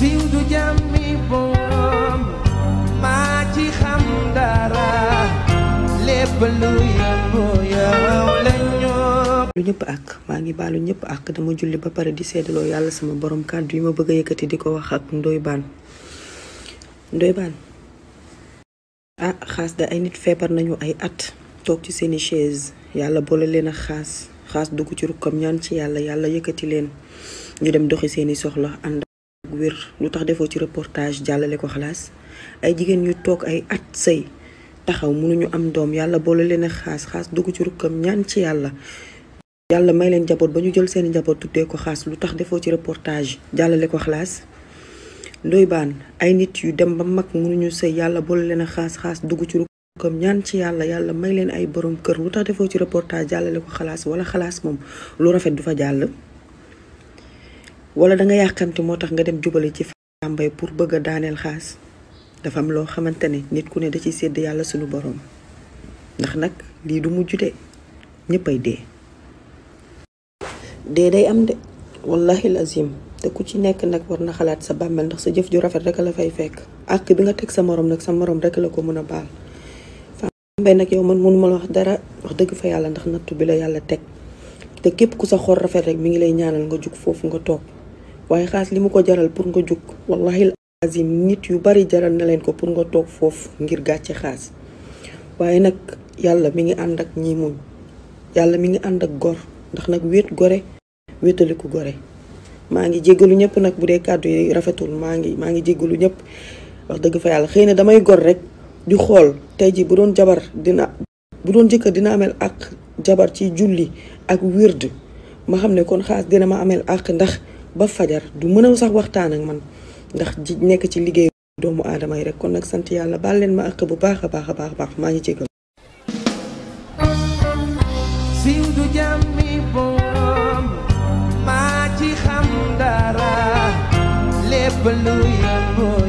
Siwdu jàmmi boom maa dara lépp lu yëngu yow la ñëpp ak maa ngi baalu ñëpp ak dama julli ba pare di seedaloo yàlla sama borom kàddu yi ma bëgg a yëkkati wax ak ndoy baan ndoy baan ah xaas da ay nit feebar nañu ay at tok ci seeni chaise yàlla boole leen ak xaas xaas dugg ci rukkam ñaan ci yàlla yàlla yëkkati leen ñu dem doxi seeni soxla ànd wér lu tax defoo ci reportage jàllale ko xalaas ay jigéen yu toog ay at sëy taxaw mënuñu am doom yàlla boole leen a xaas dugg ci rukkam ñaan ci yàlla yàlla may leen njaboot ba ñu jël seen njaboot tuddee ko xaas lu tax defoo ci reportage jàllale ko xalaas ndoy baan ay nit yu dem ba mag mënuñu sëy yàlla boole leen a xaas xaas dugg ci rukkam ñaan ci yàlla yàlla may leen ay borom kër lu tax defoo ci reportage jàllale ko xalaas wala xalaas moom lu rafet du fa jàll wala da nga yàkkamti motax nga dem jubale ci fambay pour bëgg daanel khas. xaas dafa am loo nit ku ne da ci sédd yalla suñu borom ndax nak li du mujju de ñeppay dee dee day am de wallahi lazim te ku ci nekk nak war na xalaat sa bàmmel ndax sa jëf ju rafet rek la fay fekk ak bi nga tek sa morom nak sa morom rek la ko mëna a baal fàmbay nag yow man mënu ma wax dara wax deug fa yalla ndax nattu bi la yalla tek te kep ku sa xor rafet rek mi ngi lay ñaanal nga juk fofu nga waaye xaas li mu ko jaral pour nga jóg wallahi azim nit yu bari jaral na leen ko pour nga toog foofu ngir gàcce xaas waaye nag yàlla mi ngi ànd ak ñi muñ yàlla mi ngi ànd ak gor ndax nag wéet gore wéetaliku gore maa ngi jéggalu ñépp nag bu dee kàddu yi rafetul maa ngi maa ngi jéggalu ñëpp wax dëgg fa yàlla xëy na damay gor rek di xool tey ji bu doon jabar dina bu doon jëkkër dina amel ak jabar ci julli ak wird ma xam ne kon xaas dina ma amel ak ba fajar du meuna sax waxtaan ak man ndax ji nekk ci liggey doomu aadama yi rek kon nak sant yalla bal len ma ak bu baakha baakha baakha a baax a baax maa ngi jégal siw du jàmmi boom maa ci xam dara lepp lu yëngu